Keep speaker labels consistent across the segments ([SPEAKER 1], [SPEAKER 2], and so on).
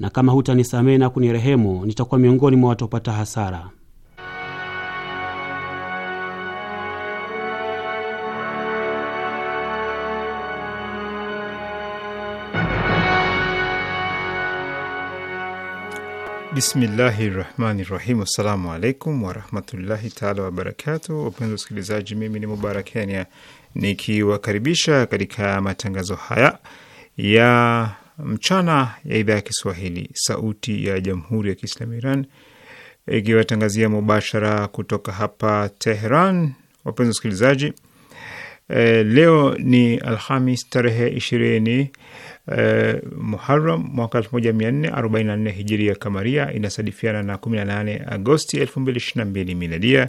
[SPEAKER 1] na kama hutanisamehe na kunirehemu nitakuwa miongoni mwa watopata hasara.
[SPEAKER 2] Bismillahi rahmani rahim. Assalamu alaikum warahmatullahi taala wabarakatu. Wapenzi wasikilizaji, mimi ni Mubarak Kenya nikiwakaribisha katika matangazo haya ya mchana ya idhaa ya Kiswahili sauti ya jamhuri ya Kiislamu Iran ikiwatangazia mubashara kutoka hapa Teheran. Wapenzi wasikilizaji, e, leo ni Alhamis tarehe ishirini e, eh, Muharam mwaka elfu moja mia nne nne hijiria kamaria, inasadifiana na kumi nane Agosti elfu na mbili miladia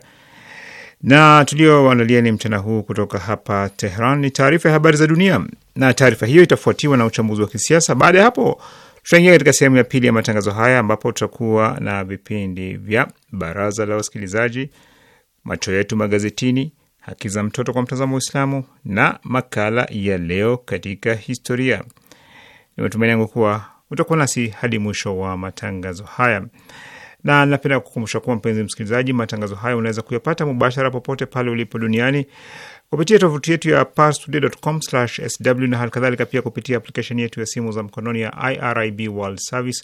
[SPEAKER 2] na tulioandalia ni mchana huu kutoka hapa Tehran ni taarifa ya habari za dunia, na taarifa hiyo itafuatiwa na uchambuzi wa kisiasa. Baada ya hapo, tutaingia katika sehemu ya pili ya matangazo haya ambapo tutakuwa na vipindi vya baraza la wasikilizaji, macho yetu magazetini, haki za mtoto kwa mtazamo wa Uislamu na makala ya leo katika historia. Ni matumaini yangu kuwa utakuwa nasi hadi mwisho wa matangazo haya na napenda kukumbusha kuwa mpenzi msikilizaji, matangazo haya unaweza kuyapata mubashara popote pale ulipo duniani kupitia tovuti yetu ya parstoday.com/sw na halikadhalika pia kupitia aplikesheni yetu ya simu za mkononi ya IRIB World Service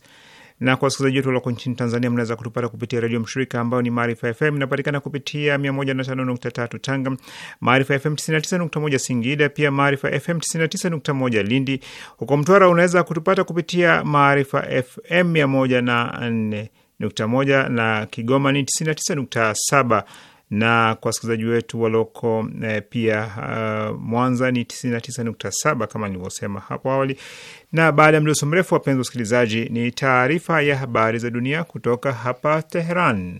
[SPEAKER 2] na kwa wasikilizaji wetu walioko nchini Tanzania, mnaweza kutupata kupitia redio mshirika ambayo ni Maarifa FM, inapatikana kupitia 105.3 Tanga, Maarifa FM 99.1 Singida, pia Maarifa FM 99.1 Lindi. Huko Mtwara unaweza kutupata kupitia Maarifa FM 104 nukta moja na Kigoma ni tisini na tisa nukta saba na kwa wasikilizaji wetu waloko eh, pia uh, Mwanza ni 99.7 kama nilivyosema hapo awali. Na baada ya mdoso mrefu, wapenzi wasikilizaji, ni taarifa ya habari za dunia kutoka hapa Teheran.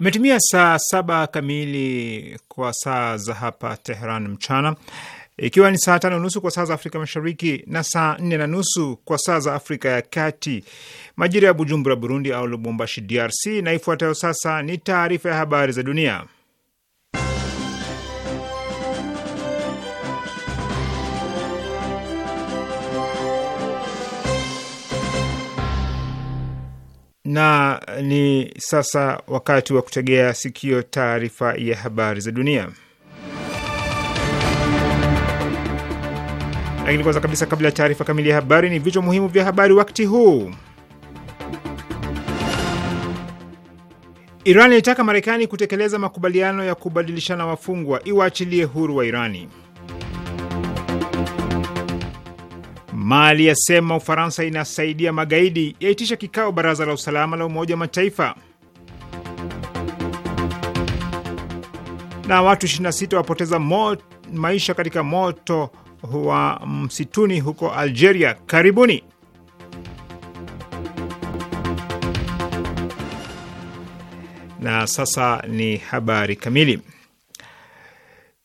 [SPEAKER 2] Imetimia saa saba kamili kwa saa za hapa teheran mchana, ikiwa ni saa tano nusu kwa saa za Afrika Mashariki na saa nne na nusu kwa saa za Afrika ya Kati, majira ya Bujumbura Burundi au Lubumbashi DRC. Na ifuatayo sasa ni taarifa ya habari za dunia. na ni sasa wakati wa kutegea sikio taarifa ya habari za dunia. Lakini kwanza kabisa, kabla ya taarifa kamili ya habari, ni vichwa muhimu vya habari wakati huu. Iran inaitaka Marekani kutekeleza makubaliano ya kubadilishana wafungwa, iwaachilie huru wa Irani. Mali yasema Ufaransa inasaidia magaidi, yaitisha kikao baraza la usalama la Umoja wa Mataifa. Na watu 26 wapoteza maisha katika moto wa msituni huko Algeria. Karibuni. Na sasa ni habari kamili.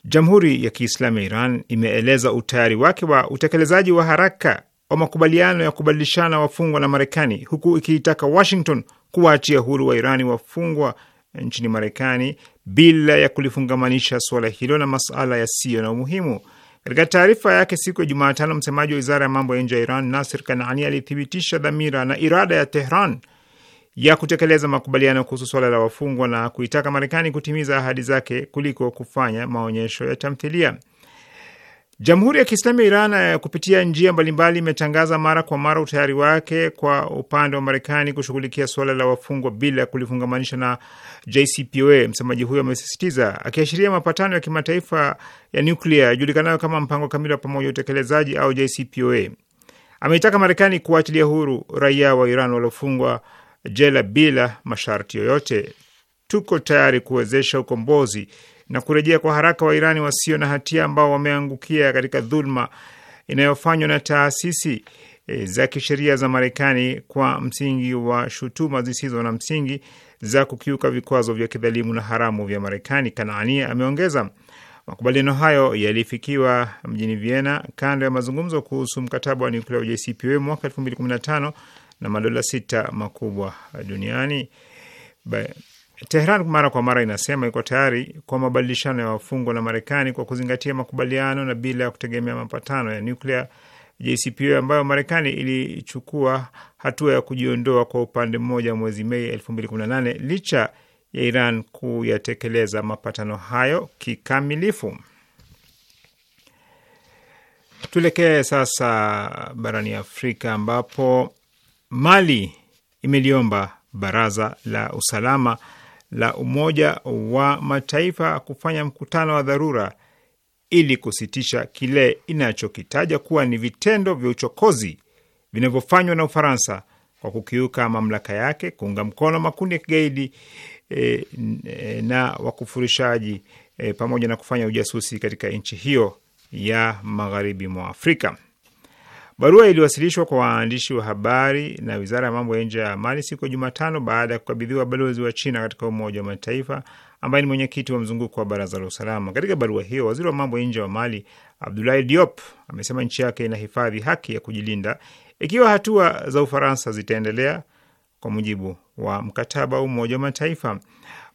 [SPEAKER 2] Jamhuri ya Kiislamu ya Iran imeeleza utayari wake wa utekelezaji wa haraka wa makubaliano ya kubadilishana wafungwa na Marekani, huku ikiitaka Washington kuwaachia huru wa Irani wafungwa nchini Marekani bila ya kulifungamanisha suala hilo na masala yasiyo na umuhimu. Katika taarifa yake siku ya Jumatano, msemaji wa wizara ya mambo ya nje ya Iran Nasir Kanani alithibitisha dhamira na irada ya Tehran ya kutekeleza makubaliano kuhusu suala la wafungwa na kuitaka Marekani kutimiza ahadi zake kuliko kufanya maonyesho ya tamthilia. Jamhuri ya Kiislamu ya Iran eh, kupitia njia mbalimbali imetangaza mbali mara kwa mara utayari wake kwa upande wa Marekani kushughulikia suala la wafungwa bila kulifungamanisha na JCPOA. Msemaji huyo amesisitiza akiashiria mapatano ya kimataifa ya nuklia yajulikanayo kama mpango kamili wa pamoja utekelezaji au JCPOA. Ameitaka Marekani kuwaachilia huru raia wa Iran waliofungwa jela bila masharti yoyote. Tuko tayari kuwezesha ukombozi na kurejea kwa haraka wa Irani wasio na hatia ambao wameangukia katika dhuluma inayofanywa na taasisi e, za kisheria za Marekani kwa msingi wa shutuma zisizo na msingi za kukiuka vikwazo vya kidhalimu na haramu vya Marekani. Kanaani ameongeza makubaliano hayo yalifikiwa mjini Vienna kando ya mazungumzo kuhusu mkataba wa nyuklia wa JCPOA mwaka 215 na madola sita makubwa duniani. Tehran mara kwa mara inasema iko tayari kwa mabadilishano ya wafungwa na Marekani kwa kuzingatia makubaliano na bila ya kutegemea mapatano ya nuklia JCPOA ambayo Marekani ilichukua hatua ya kujiondoa kwa upande mmoja mwezi Mei 2018 licha ya Iran kuyatekeleza mapatano hayo kikamilifu. Tuelekee sasa barani Afrika ambapo Mali imeliomba baraza la usalama la Umoja wa Mataifa kufanya mkutano wa dharura ili kusitisha kile inachokitaja kuwa ni vitendo vya uchokozi vinavyofanywa na Ufaransa kwa kukiuka mamlaka yake, kuunga mkono makundi ya kigaidi e, na wakufurishaji e, pamoja na kufanya ujasusi katika nchi hiyo ya magharibi mwa Afrika. Barua iliwasilishwa kwa waandishi wa habari na wizara ya mambo ya nje ya Mali siku ya Jumatano baada ya kukabidhiwa balozi wa China katika Umoja wa Mataifa ambaye ni mwenyekiti wa mzunguko wa Baraza la Usalama. Katika barua hiyo, waziri wa mambo ya nje wa Mali Abdoulaye Diop amesema nchi yake inahifadhi haki ya kujilinda ikiwa hatua za Ufaransa zitaendelea kwa mujibu wa mkataba wa Umoja wa Mataifa.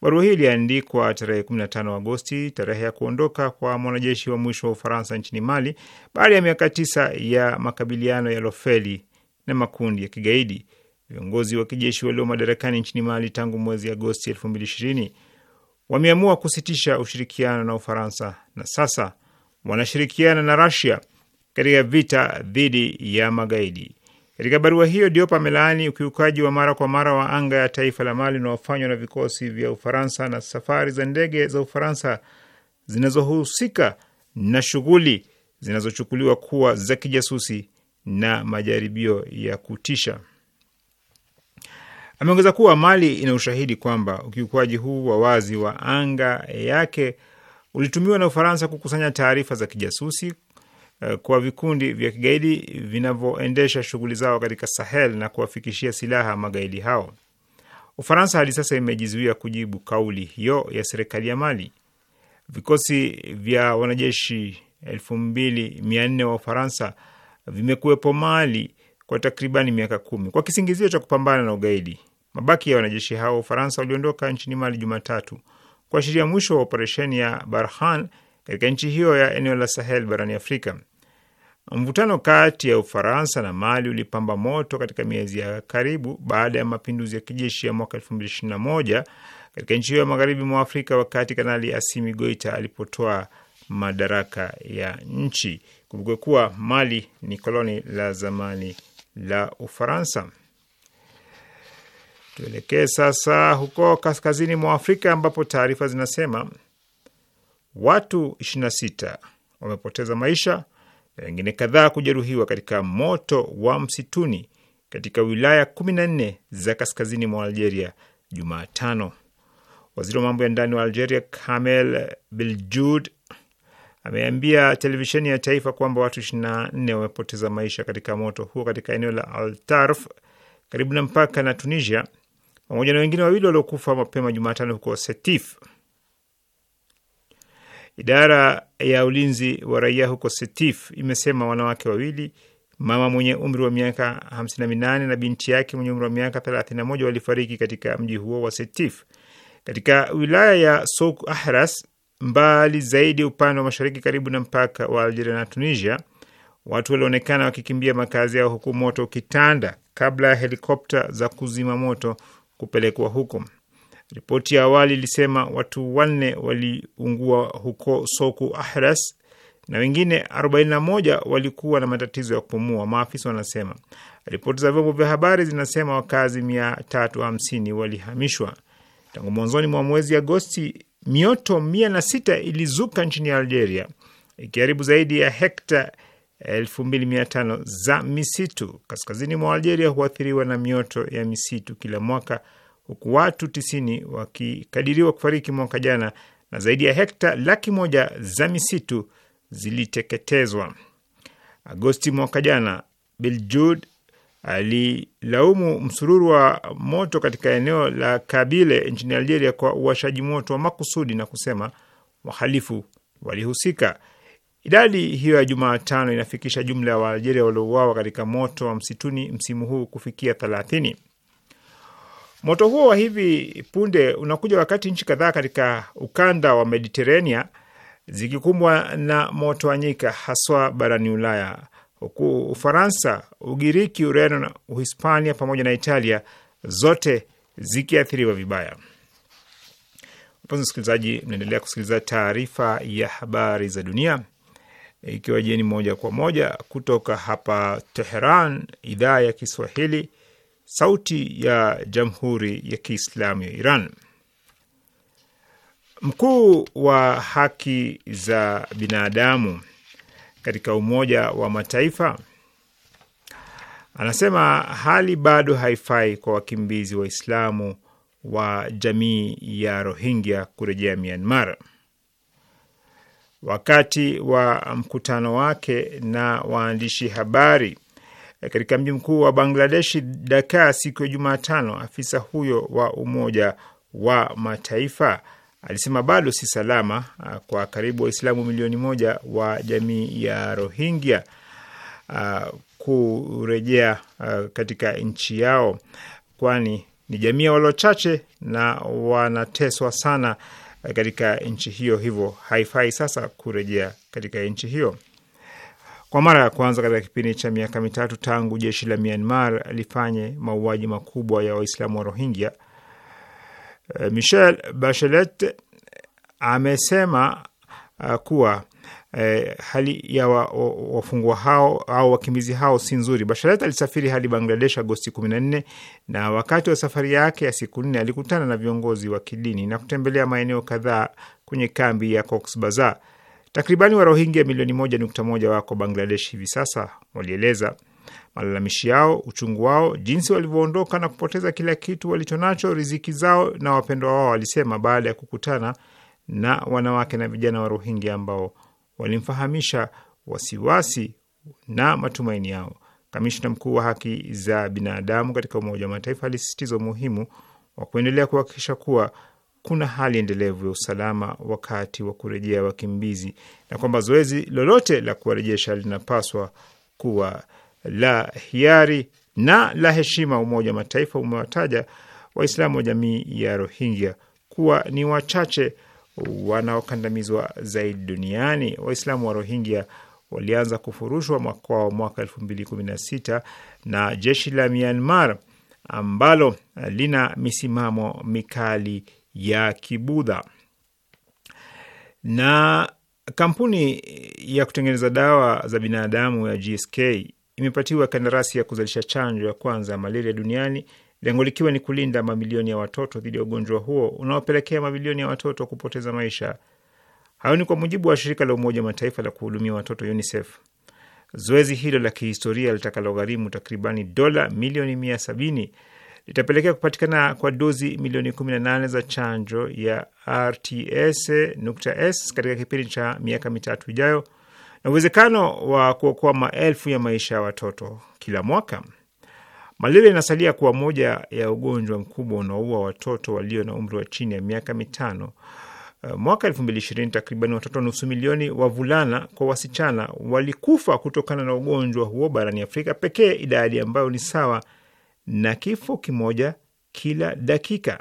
[SPEAKER 2] Barua hii iliandikwa tarehe 15 Agosti, tarehe ya kuondoka kwa mwanajeshi wa mwisho wa Ufaransa nchini Mali baada ya miaka tisa ya makabiliano ya lofeli na makundi ya kigaidi. Viongozi wa kijeshi walio madarakani nchini Mali tangu mwezi Agosti 2020 wameamua kusitisha ushirikiano na Ufaransa na sasa wanashirikiana na Rasia katika vita dhidi ya magaidi. Katika barua hiyo, Diop amelaani ukiukaji wa mara kwa mara wa anga ya taifa la Mali unaofanywa na vikosi vya Ufaransa na safari za ndege za Ufaransa zinazohusika na shughuli zinazochukuliwa kuwa za kijasusi na majaribio ya kutisha. Ameongeza kuwa Mali ina ushahidi kwamba ukiukaji huu wa wazi wa anga yake ulitumiwa na Ufaransa kukusanya taarifa za kijasusi, Eh, kwa vikundi vya kigaidi vinavyoendesha shughuli zao katika Sahel na kuwafikishia silaha magaidi hao. Ufaransa hadi sasa imejizuia kujibu kauli hiyo ya serikali ya Mali. Vikosi vya wanajeshi elfu mbili mia nne wa Ufaransa vimekuwepo Mali kwa takribani miaka kumi kwa kisingizio cha kupambana na ugaidi. Mabaki ya wanajeshi hao wa Ufaransa waliondoka nchini Mali Jumatatu kuashiria mwisho wa operesheni ya Barhan katika nchi hiyo ya eneo la Sahel barani Afrika. Mvutano kati ya Ufaransa na Mali ulipamba moto katika miezi ya karibu baada ya mapinduzi ya kijeshi ya mwaka 2021 katika nchi hiyo ya magharibi mwa Afrika, wakati Kanali Asimi Goita alipotoa madaraka ya nchi. Kumbuke kuwa Mali ni koloni la zamani la Ufaransa. Tuelekee sasa huko kaskazini mwa Afrika ambapo taarifa zinasema watu 26 wamepoteza maisha wengine kadhaa kujeruhiwa katika moto wa msituni katika wilaya 14 za kaskazini mwa Algeria Jumatano. Waziri wa mambo ya ndani wa Algeria Kamel Beljud ameambia televisheni ya taifa kwamba watu 24 wamepoteza maisha katika moto huo katika eneo la Altarf karibu na mpaka na Tunisia, pamoja na wengine wawili waliokufa mapema Jumatano huko Setif. Idara ya ulinzi wa raia huko Setif imesema wanawake wawili, mama mwenye umri wa miaka 58 na binti yake mwenye umri wa miaka 31 walifariki katika mji huo wa Setif katika wilaya ya Souk Ahras, mbali zaidi upande wa mashariki karibu na mpaka wa Algeria na Tunisia. Watu walionekana wakikimbia makazi yao huku moto ukitanda kabla ya helikopta za kuzima moto kupelekwa huko. Ripoti ya awali ilisema watu wanne waliungua huko Soku Ahras na wengine 41 walikuwa na matatizo ya kupumua, maafisa wanasema. Ripoti za vyombo vya habari zinasema wakazi 350 walihamishwa. Tangu mwanzoni mwa mwezi Agosti, mioto 106 ilizuka nchini Algeria ikiharibu zaidi ya hekta 2500 za misitu. Kaskazini mwa Algeria huathiriwa na mioto ya misitu kila mwaka huku watu tisini wakikadiriwa kufariki mwaka jana na zaidi ya hekta laki moja za misitu ziliteketezwa. Agosti mwaka jana, Biljud alilaumu msururu wa moto katika eneo la Kabile nchini Algeria kwa uwashaji moto wa makusudi na kusema wahalifu walihusika. Idadi hiyo ya Jumatano inafikisha jumla ya Waalgeria waliouawa katika moto wa msituni msimu huu kufikia thelathini. Moto huo wa hivi punde unakuja wakati nchi kadhaa katika ukanda wa Mediterania zikikumbwa na moto wa nyika, haswa barani Ulaya, huku Ufaransa, Ugiriki, Ureno na Uhispania pamoja na Italia zote zikiathiriwa vibaya. Mpenzi msikilizaji, mnaendelea kusikiliza taarifa ya habari za dunia ikiwa jeni moja kwa moja kutoka hapa Teheran, idhaa ya Kiswahili, Sauti ya Jamhuri ya Kiislamu ya Iran. Mkuu wa haki za binadamu katika Umoja wa Mataifa anasema hali bado haifai kwa wakimbizi Waislamu wa jamii ya Rohingya kurejea Myanmar. Wakati wa mkutano wake na waandishi habari Eh, katika mji mkuu wa Bangladeshi, Daka, siku ya Jumatano. Afisa huyo wa Umoja wa Mataifa alisema bado si salama eh, kwa karibu Waislamu milioni moja wa jamii ya Rohingya eh, kurejea katika nchi yao, kwani ni jamii ya walio chache na wanateswa sana katika nchi hiyo, hivyo haifai sasa kurejea katika nchi hiyo kwa mara ya kwanza katika kipindi cha miaka mitatu tangu jeshi la Myanmar lifanye mauaji makubwa ya Waislamu wa Rohingya, eh, michel Bachelet eh, amesema eh, kuwa eh, hali ya wa, wa hao au wakimbizi hao si nzuri. Bachelet alisafiri hadi Bangladesh Agosti 14 na wakati wa safari yake ya siku nne alikutana na viongozi wa kidini na kutembelea maeneo kadhaa kwenye kambi ya cox Bazar. Takribani Rohingya milioni moja nukta moja wako Bangladesh hivi sasa. Walieleza malalamishi yao, uchungu wao, jinsi walivyoondoka na kupoteza kila kitu walichonacho, riziki zao na wapendwa wao, walisema baada ya kukutana na wanawake na vijana wa Rohingya ambao walimfahamisha wasiwasi na matumaini yao. Kamishna mkuu wa haki za binadamu katika Umoja wa Mataifa alisisitiza umuhimu wa kuendelea kuhakikisha kuwa kuna hali endelevu ya usalama wakati wa kurejea wakimbizi na kwamba zoezi lolote la kuwarejesha linapaswa kuwa la hiari na la heshima. Umoja wa Mataifa umewataja Waislamu wa jamii ya Rohingya kuwa ni wachache wanaokandamizwa zaidi duniani. Waislamu wa Rohingya walianza kufurushwa makwao mwaka elfu mbili kumi na sita na jeshi la Myanmar ambalo lina misimamo mikali ya Kibudha. Na kampuni ya kutengeneza dawa za binadamu ya GSK imepatiwa kandarasi ya kuzalisha chanjo ya kwanza ya malaria duniani, lengo likiwa ni kulinda mamilioni ya watoto dhidi ya ugonjwa huo unaopelekea mamilioni ya watoto kupoteza maisha. Hayo ni kwa mujibu wa shirika la Umoja wa Mataifa la kuhudumia watoto UNICEF. Zoezi hilo la kihistoria litakalogharimu takribani dola milioni mia sabini litapelekea kupatikana kwa dozi milioni 18 za chanjo ya RTS.S katika kipindi cha miaka mitatu ijayo na uwezekano wa kuokoa maelfu ya maisha ya watoto kila mwaka. Malaria inasalia kuwa moja ya ugonjwa mkubwa unaoua watoto walio na umri wa chini ya miaka mitano. Eh, mwaka 2020 takriban watoto nusu milioni wavulana kwa wasichana walikufa kutokana na ugonjwa huo barani Afrika pekee, idadi ambayo ni sawa na kifo kimoja kila dakika.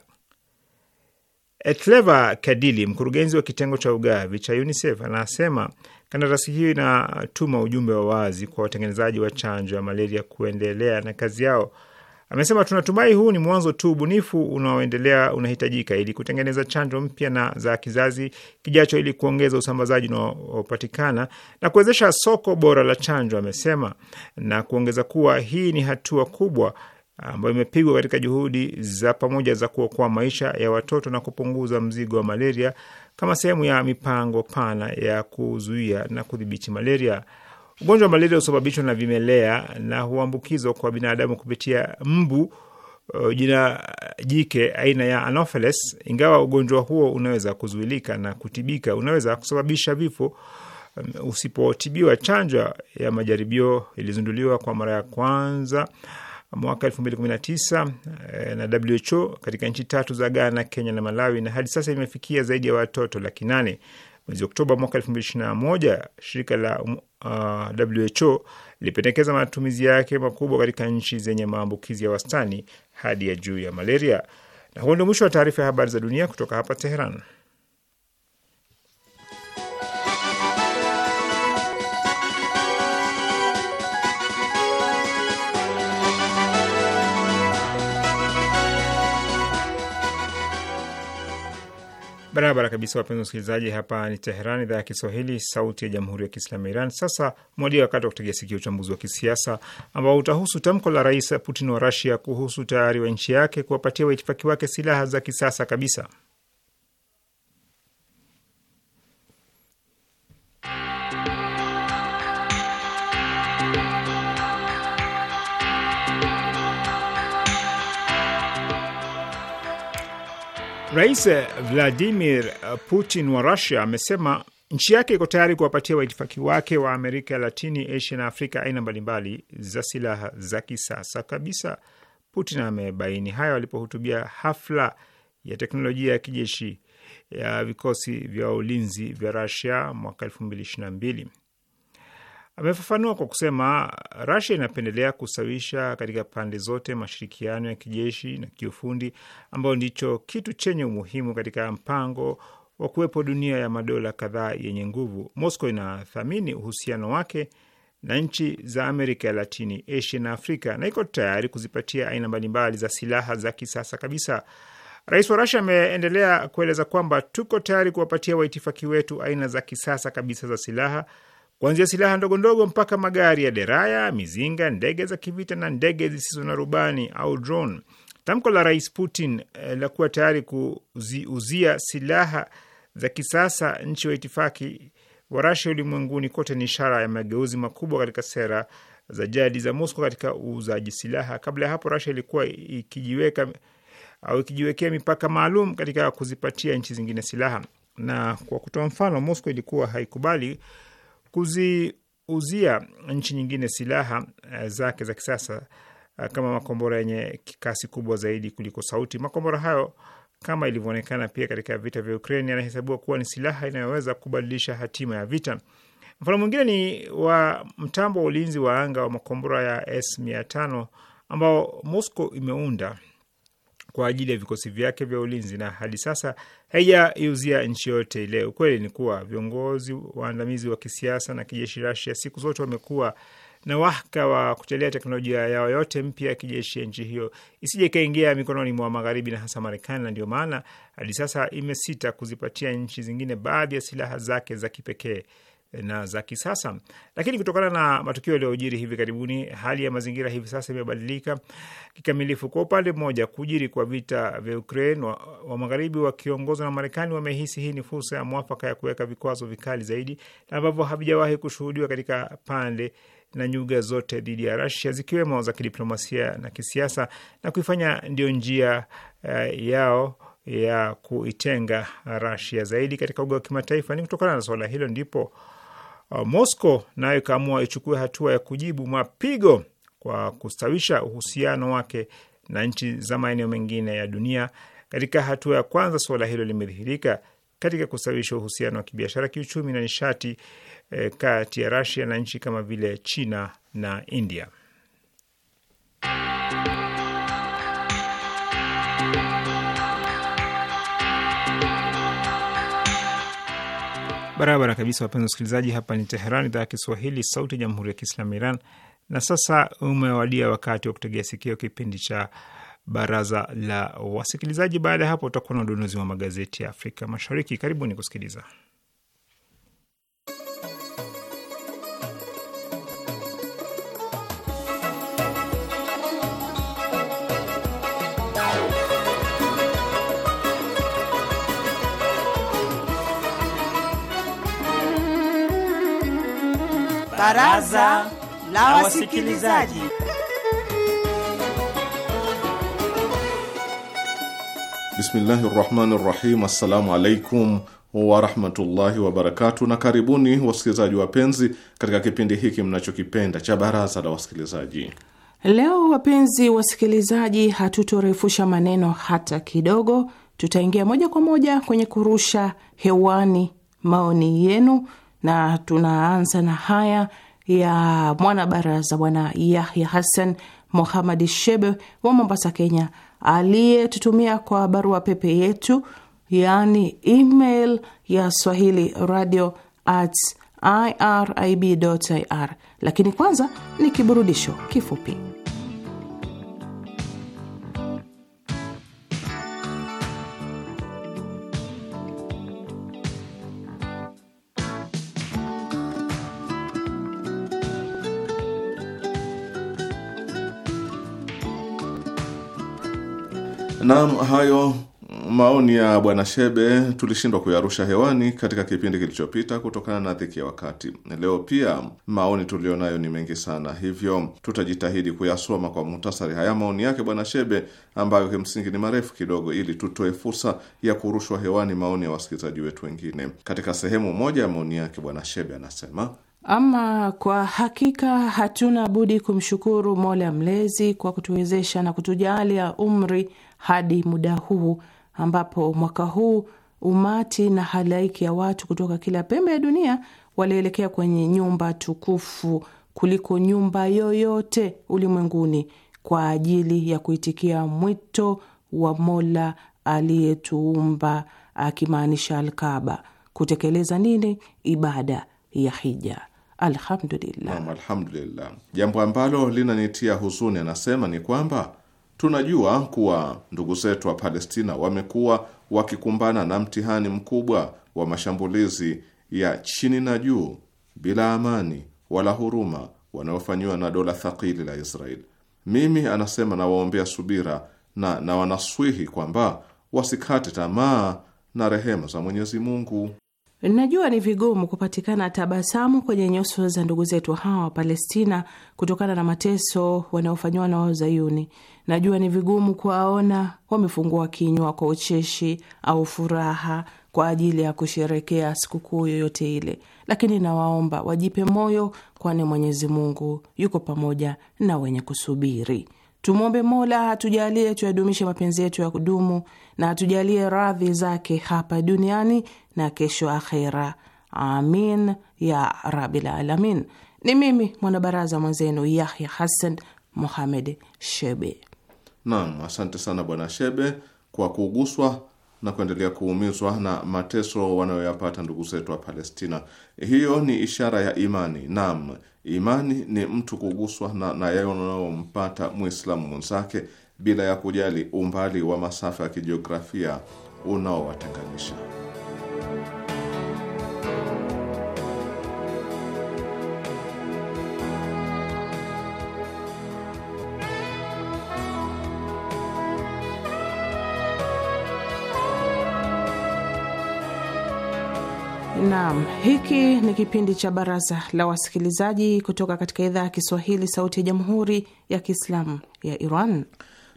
[SPEAKER 2] Etleva Kadili, mkurugenzi wa kitengo cha ugavi cha UNICEF, anasema kandarasi hiyo inatuma ujumbe wa wazi kwa watengenezaji wa chanjo ya malaria kuendelea na kazi yao. Amesema, tunatumai huu ni mwanzo tu. Ubunifu unaoendelea unahitajika ili kutengeneza chanjo mpya na za kizazi kijacho, ili kuongeza usambazaji unaopatikana na kuwezesha soko bora la chanjo, amesema na kuongeza kuwa hii ni hatua kubwa ambayo imepigwa katika juhudi za pamoja za kuokoa maisha ya watoto na kupunguza mzigo wa malaria kama sehemu ya mipango pana ya kuzuia na kudhibiti malaria. Ugonjwa wa malaria husababishwa na vimelea na huambukizwa kwa binadamu kupitia mbu uh, jina jike aina ya Anopheles. Ingawa ugonjwa huo unaweza kuzuilika na kutibika, unaweza kusababisha vifo um, usipotibiwa. Chanjo ya majaribio ilizinduliwa kwa mara ya kwanza mwaka 2019 na eh, WHO katika nchi tatu za Ghana, Kenya na Malawi, na hadi sasa imefikia zaidi ya watoto laki nane. Mwezi Oktoba mwaka 2021 shirika la uh, WHO lilipendekeza matumizi yake makubwa katika nchi zenye maambukizi ya wastani hadi ya juu ya malaria. Na huo ndio mwisho wa taarifa ya habari za dunia kutoka hapa Teheran. Barabara kabisa, wapenzi wasikilizaji, hapa ni Teheran, idhaa ya Kiswahili, sauti ya jamhuri ya kiislamu ya Iran. Sasa mwadia wakati wa kutegea sikio uchambuzi wa kisiasa ambao utahusu tamko la Rais Putin wa Rasia kuhusu tayari wa nchi yake kuwapatia waitifaki wake silaha za kisasa kabisa. Rais eh, Vladimir eh, Putin wa Russia amesema nchi yake iko tayari kuwapatia waitifaki wake wa Amerika ya Latini, Asia na Afrika aina mbalimbali za silaha za kisasa kabisa. Putin amebaini hayo alipohutubia hafla ya teknolojia ya kijeshi ya vikosi vya ulinzi vya rusia mwaka 2022. Amefafanua kwa kusema rasia inapendelea kusawisha katika pande zote mashirikiano ya kijeshi na kiufundi ambayo ndicho kitu chenye umuhimu katika mpango wa kuwepo dunia ya madola kadhaa yenye nguvu. Moscow inathamini uhusiano wake na nchi za Amerika ya Latini, Asia na Afrika na iko tayari kuzipatia aina mbalimbali za silaha za kisasa kabisa. Rais wa Rasia ameendelea kueleza kwamba tuko tayari kuwapatia waitifaki wetu aina za kisasa kabisa za silaha kuanzia silaha ndogo ndogo mpaka magari ya deraya, mizinga, ndege za kivita na ndege zisizo na rubani au drone. Tamko la Rais Putin eh, la kuwa tayari kuziuzia silaha za kisasa nchi wa itifaki wa Rasia ulimwenguni kote ni ishara ya mageuzi makubwa katika sera za jadi za Mosco katika uuzaji silaha. Kabla ya hapo, Rasia ilikuwa ikijiweka au ikijiwekea mipaka maalum katika kuzipatia nchi zingine silaha, na kwa kutoa mfano, Mosco ilikuwa haikubali kuziuzia nchi nyingine silaha eh, zake za kisasa eh, kama makombora yenye kasi kubwa zaidi kuliko sauti. Makombora hayo kama ilivyoonekana pia katika vita vya Ukraine yanahesabiwa kuwa ni silaha inayoweza kubadilisha hatima ya vita. Mfano mwingine ni wa mtambo wa ulinzi wa anga wa makombora ya S 500 ambao Moscow imeunda kwa ajili ya vikosi vyake vya ulinzi na hadi sasa haijaiuzia nchi yoyote ile. Ukweli ni kuwa viongozi waandamizi wa kisiasa na kijeshi Rasia siku zote wamekuwa na wahaka wa kutelea teknolojia yao yote mpya ya kijeshi ya nchi hiyo isije ikaingia mikononi mwa Magharibi na hasa Marekani, na ndio maana hadi sasa imesita kuzipatia nchi zingine baadhi ya silaha zake za kipekee na za kisasa. Lakini kutokana na matukio yaliyojiri hivi karibuni, hali ya mazingira hivi sasa imebadilika kikamilifu. Kwa upande mmoja, kujiri kwa vita vya Ukraine, wa, wa magharibi wakiongozwa na Marekani wamehisi hii ni fursa ya mwafaka ya kuweka vikwazo vikali zaidi ambavyo havijawahi kushuhudiwa katika pande na nyuga zote dhidi ya rasia zikiwemo za kidiplomasia na kisiasa, na kuifanya ndio njia uh, yao ya kuitenga rasia zaidi katika uga wa kimataifa. Ni kutokana na suala hilo ndipo Uh, Mosco nayo ikaamua ichukue hatua ya kujibu mapigo kwa kustawisha uhusiano wake na nchi za maeneo mengine ya dunia. Katika hatua ya kwanza, suala hilo limedhihirika katika kustawisha uhusiano wa kibiashara, kiuchumi na nishati eh, kati ya Rasia na nchi kama vile China na India. Barabara kabisa, wapenzi wasikilizaji, hapa ni Teheran, idhaa ya Kiswahili, sauti ya jamhuri ya kiislamu Iran. Na sasa umewadia wakati wa kutegea sikio kipindi cha baraza la wasikilizaji. Baada ya hapo, utakuwa na udondozi wa magazeti ya Afrika Mashariki. Karibuni kusikiliza.
[SPEAKER 1] Baraza la Wasikilizaji.
[SPEAKER 3] Bismillahi rahmani rahim. Assalamu alaikum warahmatullahi wabarakatu, na karibuni wasikilizaji wapenzi katika kipindi hiki mnachokipenda cha Baraza la Wasikilizaji.
[SPEAKER 4] Leo wapenzi wasikilizaji, hatutorefusha maneno hata kidogo, tutaingia moja kwa moja kwenye kurusha hewani maoni yenu na tunaanza na haya ya mwanabaraza Bwana Yahya Hassan Mohamadi Shebe wa Mombasa, Kenya, aliyetutumia kwa barua pepe yetu yaani email ya swahili radio at irib.ir. Lakini kwanza ni kiburudisho kifupi.
[SPEAKER 3] Naam, hayo maoni ya bwana Shebe tulishindwa kuyarusha hewani katika kipindi kilichopita kutokana na dhiki ya wakati. Leo pia maoni tuliyonayo ni mengi sana, hivyo tutajitahidi kuyasoma kwa muhtasari haya maoni yake bwana Shebe ambayo kimsingi ni marefu kidogo, ili tutoe fursa ya kurushwa hewani maoni ya wasikilizaji wetu wengine. Katika sehemu moja ya maoni yake bwana Shebe anasema:
[SPEAKER 4] ama kwa hakika hatuna budi kumshukuru Mola Mlezi kwa kutuwezesha na kutujalia umri hadi muda huu ambapo mwaka huu umati na halaiki ya watu kutoka kila pembe ya dunia walielekea kwenye nyumba tukufu kuliko nyumba yoyote ulimwenguni kwa ajili ya kuitikia mwito wa Mola aliyetuumba, akimaanisha Alkaba, kutekeleza nini? Ibada ya hija. Alhamdulillah,
[SPEAKER 3] alhamdulillah. Jambo ambalo linanitia huzuni, anasema ni kwamba Tunajua kuwa ndugu zetu wa Palestina wamekuwa wakikumbana na mtihani mkubwa wa mashambulizi ya chini na juu bila amani wala huruma wanaofanyiwa na dola thakili la Israel. Mimi anasema nawaombea subira na na wanaswihi kwamba wasikate tamaa na rehema za Mwenyezi Mungu. Ninajua ni vigumu
[SPEAKER 4] kupatikana tabasamu kwenye nyuso za ndugu zetu hawa wa Palestina kutokana na mateso wanaofanyiwa na Wazayuni. Najua ni vigumu kuwaona wamefungua kinywa kwa ucheshi au furaha kwa ajili ya kusherekea sikukuu yoyote ile, lakini nawaomba wajipe moyo, kwani Mwenyezi Mungu yuko pamoja na wenye kusubiri. Tumwombe Mola atujalie tuyadumishe mapenzi yetu ya kudumu na atujalie radhi zake hapa duniani na kesho akhira. Amin ya rabil alamin. Ni mimi mwanabaraza mwenzenu Yahya Hassan Muhamed Shebe.
[SPEAKER 3] Naam, asante sana Bwana Shebe kwa kuguswa na kuendelea kuumizwa na mateso wanayoyapata ndugu zetu wa Palestina. Hiyo ni ishara ya imani. Naam, imani ni mtu kuguswa na, na yayo unayompata Mwislamu mwenzake bila ya kujali umbali wa masafa ya kijiografia unaowatenganisha.
[SPEAKER 4] Naam, hiki ni kipindi cha Baraza la Wasikilizaji kutoka katika idhaa ya Kiswahili, Sauti ya Jamhuri ya Kiislamu ya Iran.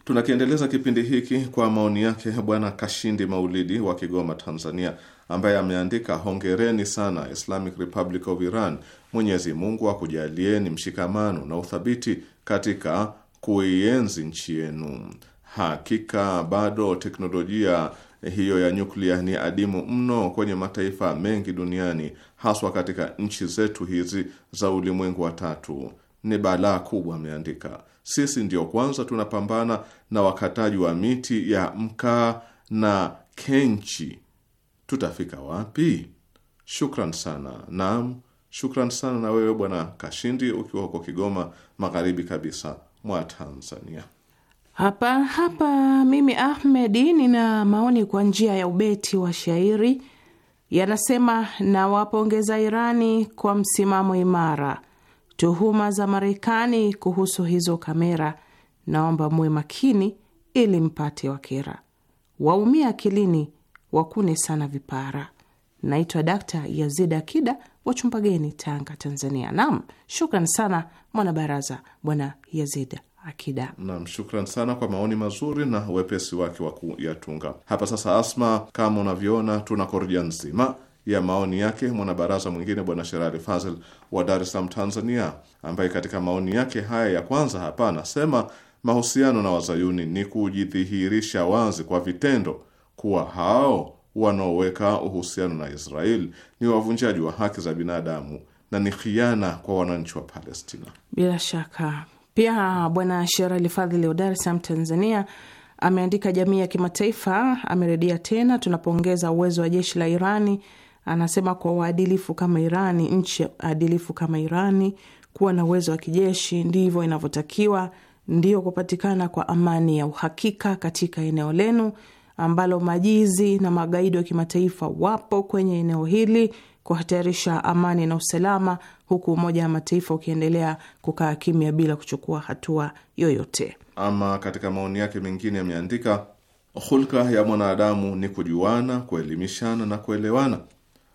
[SPEAKER 3] Tunakiendeleza kipindi hiki kwa maoni yake Bwana Kashindi Maulidi wa Kigoma, Tanzania, ambaye ameandika hongereni sana Islamic Republic of Iran. Mwenyezi Mungu akujalieni mshikamano na uthabiti katika kuienzi nchi yenu. Hakika bado teknolojia hiyo ya nyuklia ni adimu mno kwenye mataifa mengi duniani, haswa katika nchi zetu hizi za ulimwengu wa tatu. Ni balaa kubwa, ameandika. Sisi ndiyo kwanza tunapambana na wakataji wa miti ya mkaa na kenchi. Tutafika wapi? Shukran sana. Naam, shukran sana na wewe bwana Kashindi, ukiwa huko Kigoma, magharibi kabisa mwa Tanzania.
[SPEAKER 4] Hapa hapa mimi Ahmedi nina maoni kwa njia ya ubeti wa shairi yanasema: nawapongeza Irani kwa msimamo imara, tuhuma za Marekani kuhusu hizo kamera, naomba muwe makini ili mpate wakera, waumia akilini, wakune sana vipara. Naitwa Dakta Yazid Akida wa Chumbageni, Tanga, Tanzania. Nam, shukran sana mwanabaraza Bwana Yazida akida.
[SPEAKER 3] Nam, shukran sana kwa maoni mazuri na uwepesi wake wa kuyatunga. Hapa sasa, Asma, kama unavyoona, tuna korja nzima ya maoni yake mwanabaraza mwingine Bwana Sherali Fazil wa Dar es Salaam, Tanzania, ambaye katika maoni yake haya ya kwanza hapa anasema mahusiano na wazayuni ni kujidhihirisha wazi kwa vitendo kuwa hao wanaoweka uhusiano na Israeli ni wavunjaji wa haki za binadamu na ni khiana kwa wananchi wa Palestina.
[SPEAKER 4] Bila shaka pia bwana Sherali Fadhili wa Dar es Salaam, Tanzania, ameandika jamii ya kimataifa amerudia tena, tunapoongeza uwezo wa jeshi la Irani. Anasema kwa uadilifu kama Irani, nchi adilifu kama Irani kuwa na uwezo wa kijeshi, ndivyo inavyotakiwa, ndio kupatikana kwa amani ya uhakika katika eneo lenu ambalo majizi na magaidi wa kimataifa wapo kwenye eneo hili kuhatarisha amani na usalama, huku Umoja wa Mataifa ukiendelea kukaa kimya bila kuchukua
[SPEAKER 3] hatua yoyote. Ama katika maoni yake mengine yameandika, hulka ya mwanadamu ni kujuana, kuelimishana na kuelewana.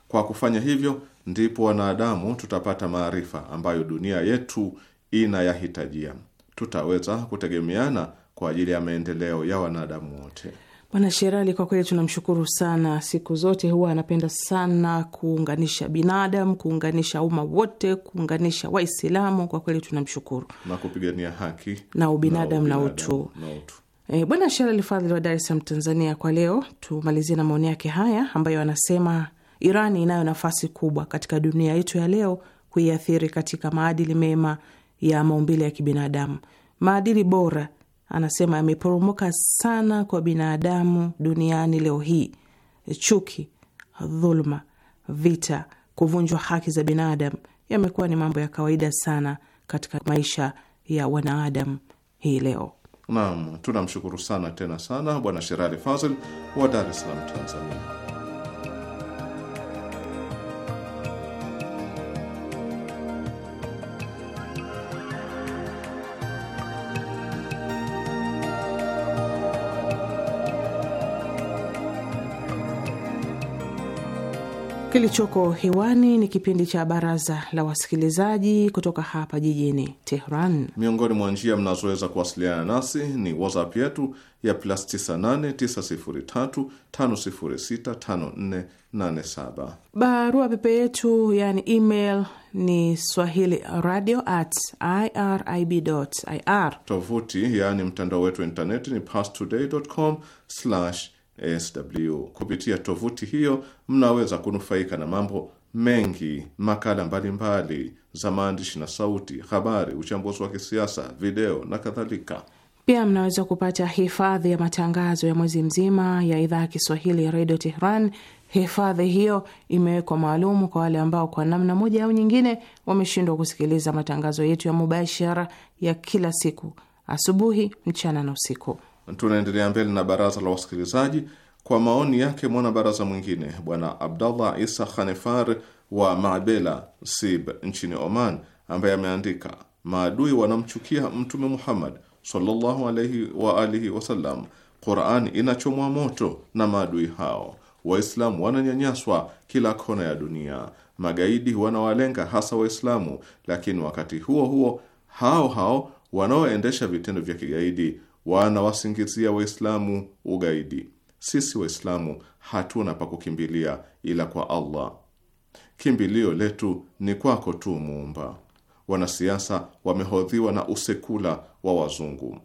[SPEAKER 3] Kwa kufanya hivyo, ndipo wanadamu tutapata maarifa ambayo dunia yetu inayahitajia. Tutaweza kutegemeana kwa ajili ya maendeleo ya wanadamu wote.
[SPEAKER 4] Bwana Sherali, kwa kweli tunamshukuru sana. Siku zote huwa anapenda sana kuunganisha binadamu, kuunganisha umma wote, kuunganisha Waislamu. Kwa kweli tunamshukuru
[SPEAKER 3] na kupigania haki na
[SPEAKER 4] ubinadamu na utu. E, Bwana Sherali Fadhili wa Dar es Salaam, Tanzania. Kwa leo tumalizie na maoni yake haya ambayo anasema Irani inayo nafasi kubwa katika dunia yetu ya leo kuiathiri katika maadili mema ya maumbile ya kibinadamu. Maadili bora anasema yameporomoka sana kwa binadamu duniani leo hii: chuki, dhuluma, vita, kuvunjwa haki za binadamu yamekuwa ni mambo ya kawaida sana katika maisha ya wanaadamu
[SPEAKER 3] hii leo. Naam, tunamshukuru sana tena sana Bwana Sherali Fazil wa Dar es Salaam, Tanzania.
[SPEAKER 4] Kilichoko hewani ni kipindi cha Baraza la Wasikilizaji kutoka hapa jijini Tehran.
[SPEAKER 3] Miongoni mwa njia mnazoweza kuwasiliana nasi ni WhatsApp yetu ya plus 989035065487,
[SPEAKER 4] barua pepe yetu yani email ni swahili radio at irib ir,
[SPEAKER 3] tovuti yani mtandao wetu wa intaneti ni com slash sw. Kupitia tovuti hiyo mnaweza kunufaika na mambo mengi, makala mbalimbali mbali za maandishi na sauti, habari, uchambuzi wa kisiasa, video na kadhalika.
[SPEAKER 4] Pia mnaweza kupata hifadhi ya matangazo ya mwezi mzima ya idhaa ya Kiswahili ya redio Tehran. Hifadhi hiyo imewekwa maalumu kwa wale ambao kwa namna moja au nyingine wameshindwa kusikiliza matangazo yetu ya mubashara ya kila siku, asubuhi, mchana na usiku.
[SPEAKER 3] Tunaendelea mbele na baraza la wasikilizaji kwa maoni yake mwanabaraza mwingine Bwana Abdallah Isa Khanefar wa Mabela Sib nchini Oman, ambaye ameandika maadui wanamchukia Mtume Muhammad sallallahu alaihi wa alihi wasallam. Qurani inachomwa moto na maadui hao. Waislamu wananyanyaswa kila kona ya dunia. Magaidi wanawalenga hasa Waislamu, lakini wakati huo huo hao hao wanaoendesha vitendo vya kigaidi wanawasingizia Waislamu ugaidi. Sisi Waislamu hatuna pa kukimbilia ila kwa Allah. Kimbilio letu ni kwako tu Muumba. Wanasiasa wamehodhiwa na usekula wa wazungu.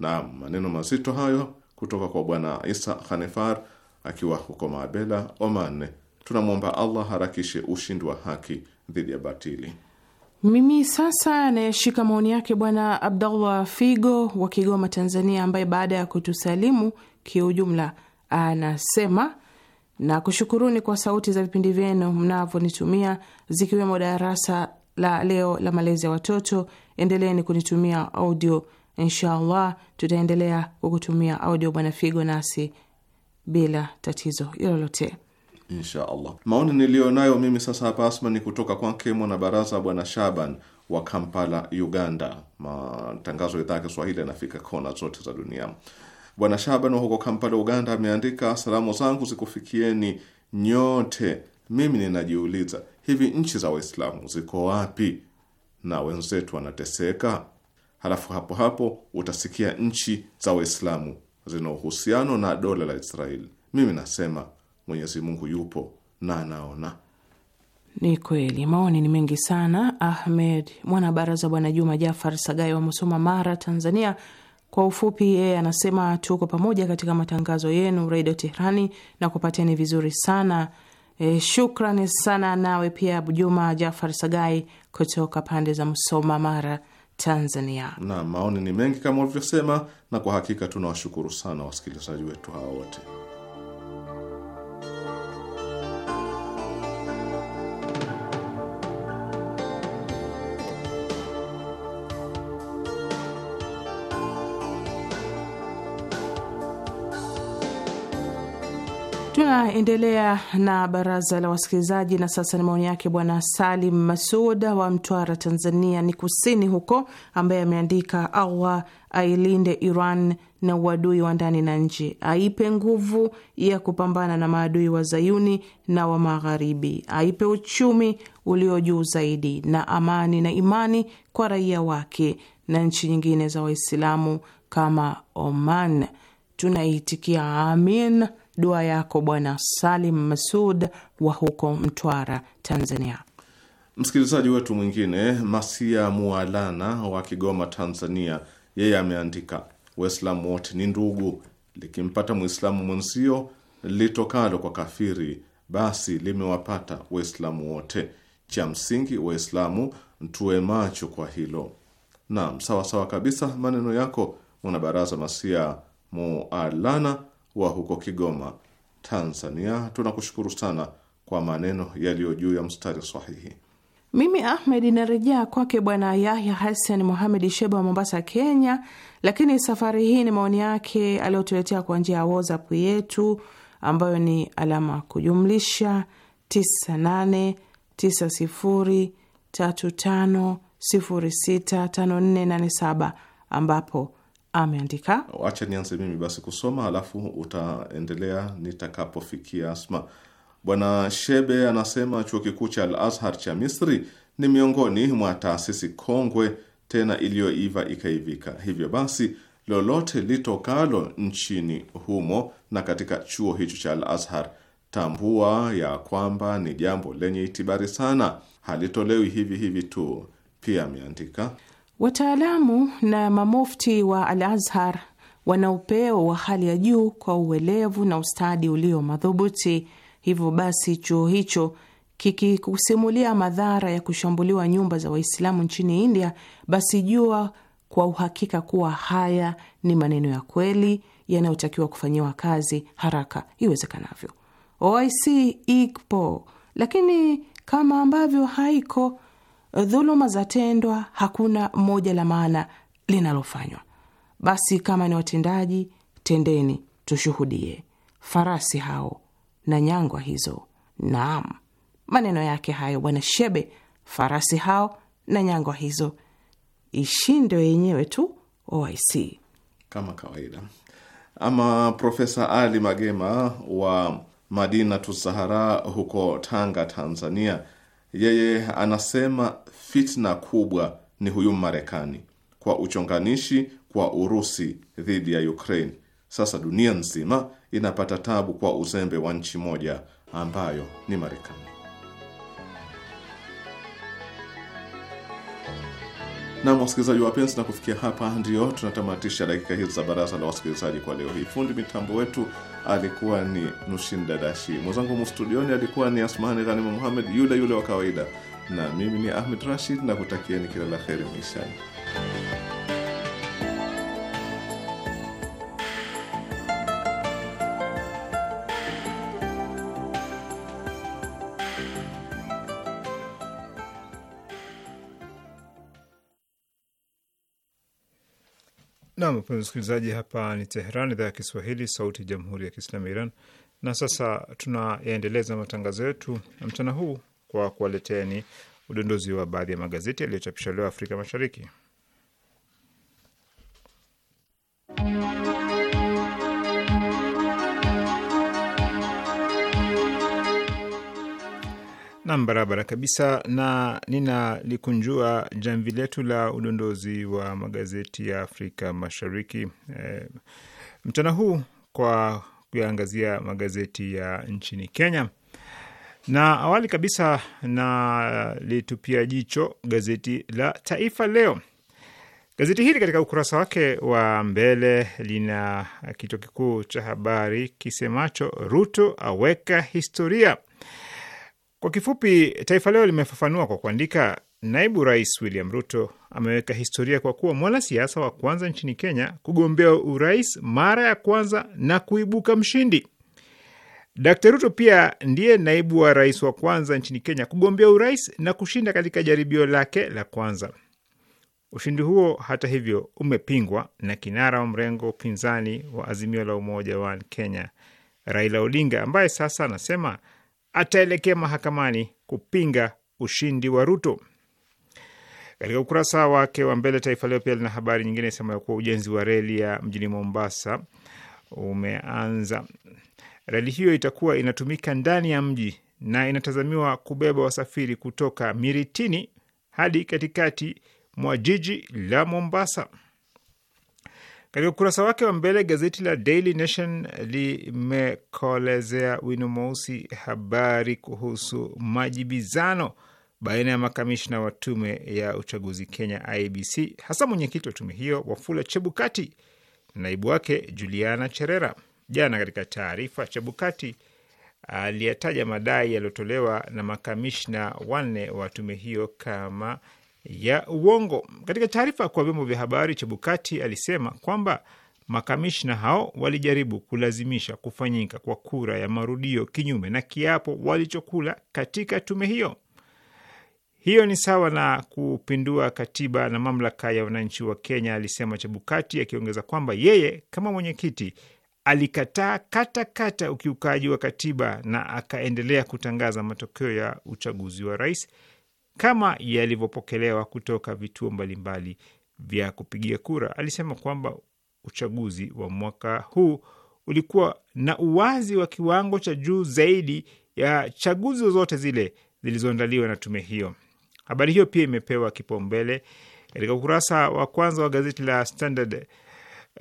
[SPEAKER 3] Naam, maneno mazito hayo kutoka kwa Bwana Isa Khanefar akiwa huko Maabela, Oman. Tunamwomba Allah harakishe ushindi wa haki dhidi ya batili.
[SPEAKER 4] Mimi sasa nayeshika maoni yake Bwana Abdallah Figo wa Kigoma, Tanzania, ambaye baada ya kutusalimu kiujumla anasema na kushukuruni kwa sauti za vipindi vyenu mnavyonitumia zikiwemo darasa la leo la malezi ya watoto. Endeleeni kunitumia audio, inshallah tutaendelea kukutumia audio Bwana Figo, nasi bila tatizo lolote
[SPEAKER 3] insha Allah. Maoni niliyonayo mimi sasa hapa Asma ni kutoka kwake mwanabaraza Bwana Shaban wa Kampala, Uganda. Matangazo ya idhaa ya Kiswahili yanafika kona zote za dunia. Bwana Shaban huko Kampala, Uganda ameandika, salamu zangu zikufikieni nyote. Mimi ninajiuliza hivi, nchi za Waislamu ziko wapi na wenzetu wanateseka? Halafu hapo hapo utasikia nchi za Waislamu zina uhusiano na dola la Israeli. Mimi nasema Mwenyezi Mungu yupo na anaona.
[SPEAKER 4] Ni kweli, maoni ni mengi sana. Ahmed mwanabaraza Bwana Juma Jafar sagai wa Musoma, Mara, Tanzania. Kwa ufupi, yeye anasema tuko pamoja katika matangazo yenu Redio Tehrani na kupateni vizuri sana. E, shukrani sana nawe pia Juma Jafar Sagai kutoka pande za Musoma, Mara, Tanzania.
[SPEAKER 3] Na maoni ni mengi kama ulivyosema, na kwa hakika tunawashukuru sana wasikilizaji wetu hawa wote.
[SPEAKER 4] Tunaendelea na baraza la wasikilizaji, na sasa ni maoni yake Bwana Salim Masud wa Mtwara, Tanzania ni kusini huko, ambaye ameandika Allah ailinde Iran na uadui wa ndani na nje, aipe nguvu ya kupambana na maadui wa Zayuni na wa Magharibi, aipe uchumi ulio juu zaidi na amani na imani kwa raia wake na nchi nyingine za Waislamu kama Oman. Tunaitikia amin dua yako Bwana Salim Masud wa huko Mtwara, Tanzania.
[SPEAKER 3] Msikilizaji wetu mwingine Masia Mualana wa Kigoma, Tanzania, yeye ameandika, Waislamu wote ni ndugu, likimpata Mwislamu mwenzio litokalo kwa kafiri, basi limewapata Waislamu wote. Cha msingi Waislamu tuwe macho kwa hilo. Naam, sawasawa kabisa maneno yako mwanabaraza Masia Mualana wa huko Kigoma, Tanzania. Tunakushukuru sana kwa maneno yaliyo juu ya mstari sahihi.
[SPEAKER 4] Mimi Ahmed narejea kwake Bwana Yahya Hassan Muhamedi Sheba wa Mombasa, Kenya, lakini safari hii ni maoni yake aliyotuletea kwa njia ya WhatsApp yetu ambayo ni alama kujumlisha 989035065487 ambapo ameandika.
[SPEAKER 3] Wacha nianze mimi basi kusoma, halafu utaendelea nitakapofikia Asma. Bwana Shebe anasema chuo kikuu cha Al Azhar cha Misri ni miongoni mwa taasisi kongwe tena iliyoiva ikaivika. Hivyo basi lolote litokalo nchini humo na katika chuo hicho cha Al Azhar, tambua ya kwamba ni jambo lenye itibari sana, halitolewi hivi hivi tu. Pia ameandika
[SPEAKER 4] Wataalamu na mamufti wa Al Azhar wana upeo wa hali ya juu kwa uelevu na ustadi ulio madhubuti. Hivyo basi, chuo hicho kikikusimulia madhara ya kushambuliwa nyumba za Waislamu nchini India, basi jua kwa uhakika kuwa haya ni maneno ya kweli yanayotakiwa kufanyiwa kazi haraka iwezekanavyo. OIC ipo lakini kama ambavyo haiko dhuluma za tendwa hakuna moja la maana linalofanywa. Basi kama ni watendaji, tendeni, tushuhudie farasi hao na nyangwa hizo. Naam, maneno yake hayo Bwana Shebe, farasi hao na nyangwa hizo, ishindo yenyewe tu OIC kama kawaida.
[SPEAKER 3] Ama Profesa Ali Magema wa Madina Tusahara huko Tanga, Tanzania, yeye anasema fitna kubwa ni huyu Marekani kwa uchonganishi kwa Urusi dhidi ya Ukraine. Sasa dunia nzima inapata tabu kwa uzembe wa nchi moja ambayo ni Marekani. Nam, wasikilizaji wapenzi, na kufikia hapa ndio tunatamatisha dakika hizi za baraza la wasikilizaji kwa leo hii. Fundi mitambo wetu alikuwa ni Nushin Dadashi, mwenzangu mustudioni alikuwa ni Asmahani Ghanima muhammed yule yule wa kawaida, na mimi ni Ahmed Rashid na kutakieni kila la heri maishani.
[SPEAKER 2] Nam msikilizaji, hapa ni Teheran, idhaa ya Kiswahili, sauti ya jamhuri ya kiislamu ya Iran. Na sasa tunayaendeleza matangazo yetu mchana huu kwa kuwaleteni udondozi wa baadhi ya magazeti yaliyochapishwa leo Afrika Mashariki. Nam, barabara kabisa, na ninalikunjua jamvi letu la udondozi wa magazeti ya Afrika Mashariki e, mchana huu kwa kuyaangazia magazeti ya nchini Kenya, na awali kabisa na litupia jicho gazeti la Taifa Leo. Gazeti hili katika ukurasa wake wa mbele lina kichwa kikuu cha habari kisemacho Ruto aweka historia kwa kifupi, Taifa Leo limefafanua kwa kuandika, naibu rais William Ruto ameweka historia kwa kuwa mwanasiasa wa kwanza nchini Kenya kugombea urais mara ya kwanza na kuibuka mshindi. d Ruto pia ndiye naibu wa rais wa kwanza nchini Kenya kugombea urais na kushinda katika jaribio lake la kwanza. Ushindi huo hata hivyo umepingwa na kinara wa mrengo upinzani wa Azimio la Umoja wa Kenya Raila Odinga ambaye sasa anasema ataelekea mahakamani kupinga ushindi wa Ruto. Katika ukurasa wake wa mbele, Taifa Leo pia lina habari nyingine sema kuwa ujenzi wa reli ya mjini Mombasa umeanza. Reli hiyo itakuwa inatumika ndani ya mji na inatazamiwa kubeba wasafiri kutoka Miritini hadi katikati mwa jiji la Mombasa. Katika ukurasa wake wa mbele gazeti la Daily Nation limekolezea wino mweusi habari kuhusu majibizano baina ya makamishna wa tume ya uchaguzi Kenya ibc e hasa mwenyekiti wa tume hiyo Wafula Chebukati na naibu wake Juliana Cherera. Jana katika taarifa, Chebukati aliyataja madai yaliyotolewa na makamishna wanne wa tume hiyo kama ya uongo. Katika taarifa kwa vyombo vya habari, Chebukati alisema kwamba makamishna hao walijaribu kulazimisha kufanyika kwa kura ya marudio kinyume na kiapo walichokula katika tume hiyo. Hiyo ni sawa na kupindua katiba na mamlaka ya wananchi wa Kenya, alisema Chebukati, akiongeza kwamba yeye kama mwenyekiti alikataa katakata ukiukaji wa katiba na akaendelea kutangaza matokeo ya uchaguzi wa rais kama yalivyopokelewa kutoka vituo mbalimbali vya kupigia kura. Alisema kwamba uchaguzi wa mwaka huu ulikuwa na uwazi wa kiwango cha juu zaidi ya chaguzi zozote zile zilizoandaliwa na tume hiyo. Habari hiyo pia imepewa kipaumbele katika ukurasa wa kwanza wa gazeti la Standard.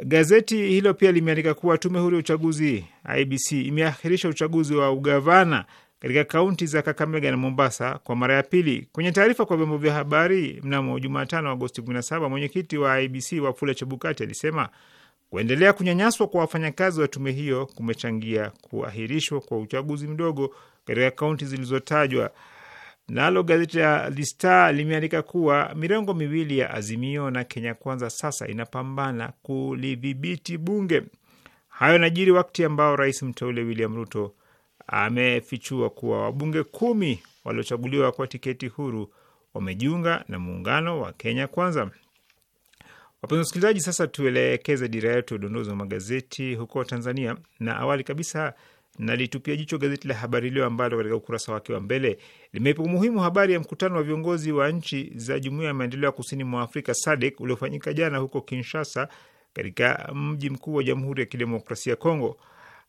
[SPEAKER 2] Gazeti hilo pia limeandika kuwa tume huru ya uchaguzi IBC imeahirisha uchaguzi wa ugavana katika kaunti za Kakamega na Mombasa kwa mara ya pili. Kwenye taarifa kwa vyombo vya habari mnamo Jumatano Agosti 17, mwenyekiti wa IBC Wafula Chebukati alisema kuendelea kunyanyaswa kwa wafanyakazi wa tume hiyo kumechangia kuahirishwa kwa uchaguzi mdogo katika kaunti zilizotajwa. Nalo gazeti la The Star limeandika kuwa mirengo miwili ya Azimio na Kenya Kwanza sasa inapambana kulidhibiti bunge. Hayo najiri wakati ambao rais mteule William Ruto amefichua kuwa wabunge kumi waliochaguliwa kwa tiketi huru wamejiunga na muungano wa Kenya Kwanza. Wapenzi wasikilizaji, sasa tuelekeze dira yetu ya udondozi wa magazeti huko Tanzania, na awali kabisa nalitupia jicho gazeti la Habari Leo ambalo katika ukurasa wake wa mbele limeipa umuhimu habari ya mkutano wa viongozi wa nchi za Jumuiya ya Maendeleo ya Kusini mwa Afrika SADC uliofanyika jana huko Kinshasa, katika mji mkuu wa Jamhuri ya Kidemokrasia ya Kongo.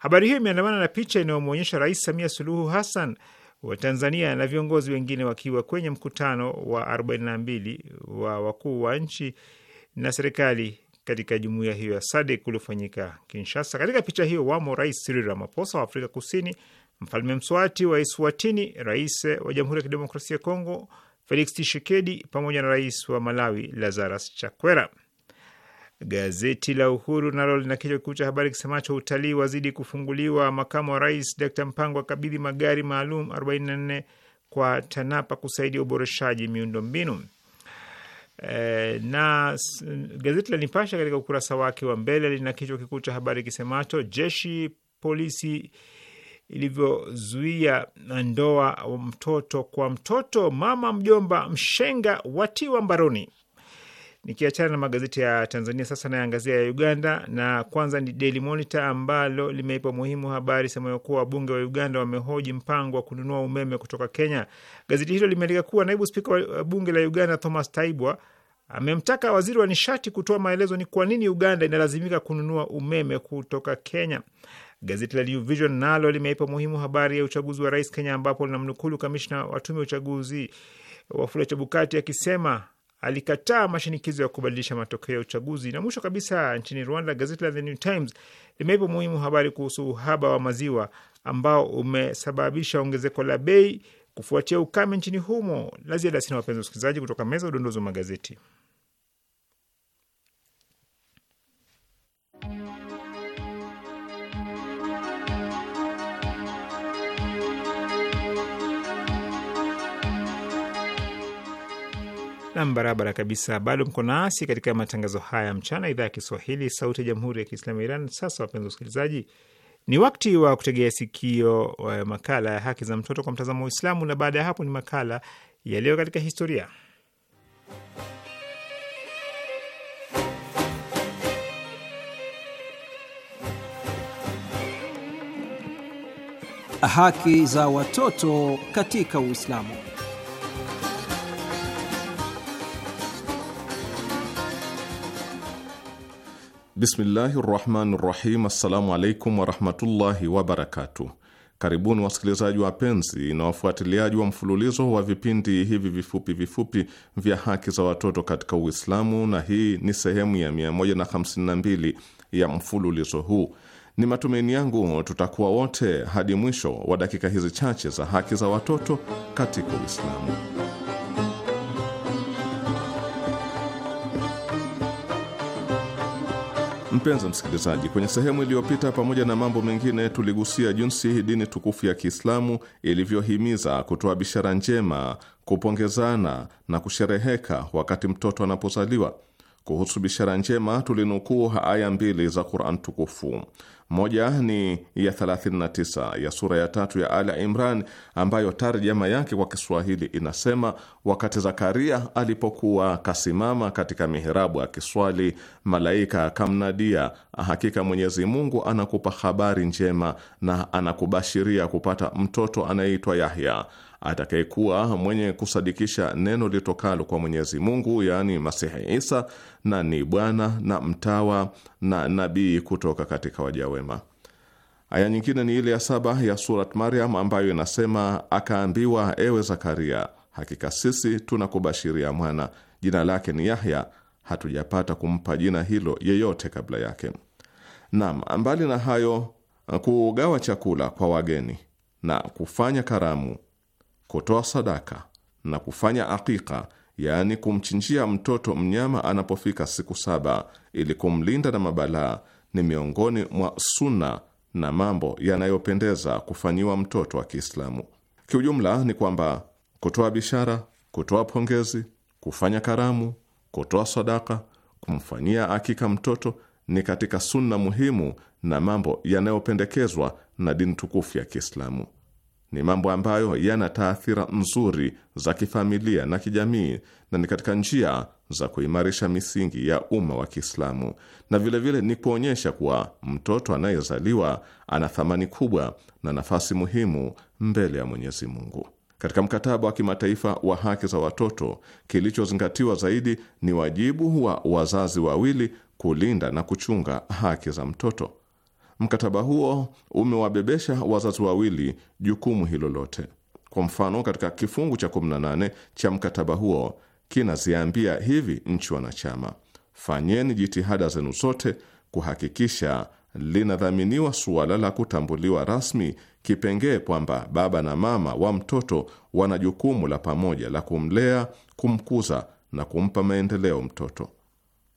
[SPEAKER 2] Habari hiyo imeandamana na picha inayomwonyesha Rais Samia Suluhu Hassan wa Tanzania na viongozi wengine wakiwa kwenye mkutano wa 42 wa wakuu wa nchi na serikali katika jumuiya hiyo ya SADC uliofanyika Kinshasa. Katika picha hiyo wamo Rais Cyril Ramaphosa wa Afrika Kusini, mfalme Mswati wa Eswatini, rais wa Jamhuri ya Kidemokrasia ya Kongo Felix Tshisekedi pamoja na rais wa Malawi Lazarus Chakwera. Gazeti la Uhuru nalo lina kichwa kikuu cha habari kisemacho utalii wazidi kufunguliwa, makamu wa rais Dkt Mpango akabidhi magari maalum 44 kwa TANAPA kusaidia uboreshaji miundo mbinu. E, na gazeti la Nipasha katika ukurasa wake wa mbele lina kichwa kikuu cha habari kisemacho jeshi polisi ilivyozuia ndoa mtoto kwa mtoto, mama mjomba mshenga watiwa mbaroni. Nikiachana na magazeti ya Tanzania, sasa nayangazia ya Uganda, na kwanza ni Daily Monitor ambalo limeipa muhimu habari semayo kuwa wabunge wa Uganda wamehoji mpango wa kununua umeme kutoka Kenya. Gazeti hilo limeandika kuwa naibu spika wa bunge la Uganda Thomas Taibwa amemtaka waziri wa nishati kutoa maelezo ni kwa nini Uganda inalazimika kununua umeme kutoka Kenya. Gazeti la New Vision nalo limeipa muhimu habari ya uchaguzi wa rais Kenya, ambapo linamnukulu kamishna wa tume ya uchaguzi Wafula Chebukati akisema alikataa mashinikizo ya kubadilisha matokeo ya uchaguzi. Na mwisho kabisa, nchini Rwanda, gazeti la The New Times limeipa muhimu habari kuhusu uhaba wa maziwa ambao umesababisha ongezeko la bei kufuatia ukame nchini humo. La ziada sina, wapenzi wasikilizaji, kutoka meza udondozi wa magazeti. Nam, barabara kabisa. Bado mko nasi katika matangazo haya mchana, idhaa ya Kiswahili, sauti ya jamhuri ya kiislamu ya Iran. Sasa wapenzi wasikilizaji, ni wakti wa kutegea sikio eh, makala ya haki za mtoto kwa mtazamo wa Uislamu, na baada ya hapo ni makala yaliyo katika historia. Haki za watoto katika Uislamu.
[SPEAKER 3] Bismillahi rahmani rahim. Assalamu alaikum warahmatullahi wabarakatu Karibuni wasikilizaji wapenzi na wafuatiliaji wa mfululizo wa vipindi hivi vifupi vifupi vya haki za watoto katika Uislamu, na hii ni sehemu ya 152 ya mfululizo huu. Ni matumaini yangu tutakuwa wote hadi mwisho wa dakika hizi chache za haki za watoto katika Uislamu. Mpenzi msikilizaji, kwenye sehemu iliyopita, pamoja na mambo mengine, tuligusia jinsi dini tukufu ya Kiislamu ilivyohimiza kutoa bishara njema, kupongezana na kushereheka wakati mtoto anapozaliwa. Kuhusu bishara njema, tulinukuu aya mbili za Quran tukufu. Moja ni ya 39 ya sura ya tatu ya ala Imran ambayo tarjama yake kwa Kiswahili inasema: wakati Zakaria alipokuwa kasimama katika mihirabu akiswali, malaika akamnadia, hakika Mwenyezi Mungu anakupa habari njema na anakubashiria kupata mtoto anayeitwa Yahya atakayekuwa mwenye kusadikisha neno litokalo kwa Mwenyezi Mungu, yaani Masihi Isa, na ni bwana na mtawa na nabii kutoka katika waja wema. Aya nyingine ni ile ya saba ya Surat Maryam ambayo inasema, akaambiwa ewe Zakaria, hakika sisi tunakubashiria mwana, jina lake ni Yahya, hatujapata kumpa jina hilo yeyote kabla yake. Naam, mbali na hayo, kugawa chakula kwa wageni na kufanya karamu kutoa sadaka na kufanya akika, yaani kumchinjia mtoto mnyama anapofika siku saba ili kumlinda na mabalaa, ni miongoni mwa suna na mambo yanayopendeza kufanyiwa mtoto wa Kiislamu. Kiujumla ni kwamba kutoa bishara, kutoa pongezi, kufanya karamu, kutoa sadaka, kumfanyia akika mtoto ni katika sunna muhimu na mambo yanayopendekezwa na dini tukufu ya Kiislamu ni mambo ambayo yana taathira nzuri za kifamilia na kijamii na ni katika njia za kuimarisha misingi ya umma wa Kiislamu na vilevile vile ni kuonyesha kuwa mtoto anayezaliwa ana thamani kubwa na nafasi muhimu mbele ya Mwenyezi Mungu. Katika mkataba wa kimataifa wa haki za watoto, kilichozingatiwa zaidi ni wajibu wa wazazi wawili kulinda na kuchunga haki za mtoto. Mkataba huo umewabebesha wazazi wawili jukumu hilo lote. Kwa mfano, katika kifungu cha 18 cha mkataba huo kinaziambia hivi nchi wanachama: fanyeni jitihada zenu zote kuhakikisha linadhaminiwa suala la kutambuliwa rasmi kipengee kwamba baba na mama wa mtoto wana jukumu la pamoja la kumlea, kumkuza na kumpa maendeleo mtoto.